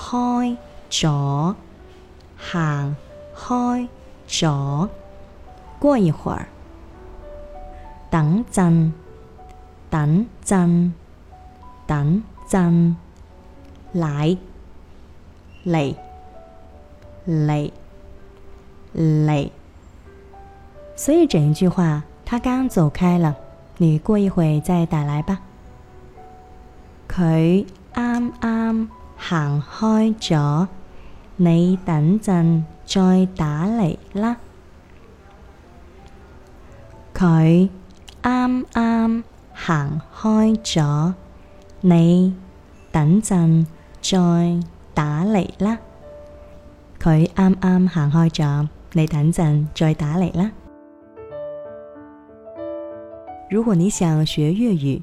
開咗，行開咗，過一會兒，等陣，等陣，等陣，來，嚟，嚟，嚟。所以整一句話，他剛走開了，你過一會再打來吧。佢啱啱。行開咗，你等陣再打嚟啦。佢啱啱行開咗，你等陣再打嚟啦。佢啱啱行開咗，你等陣再打嚟啦。如果你想學粵語。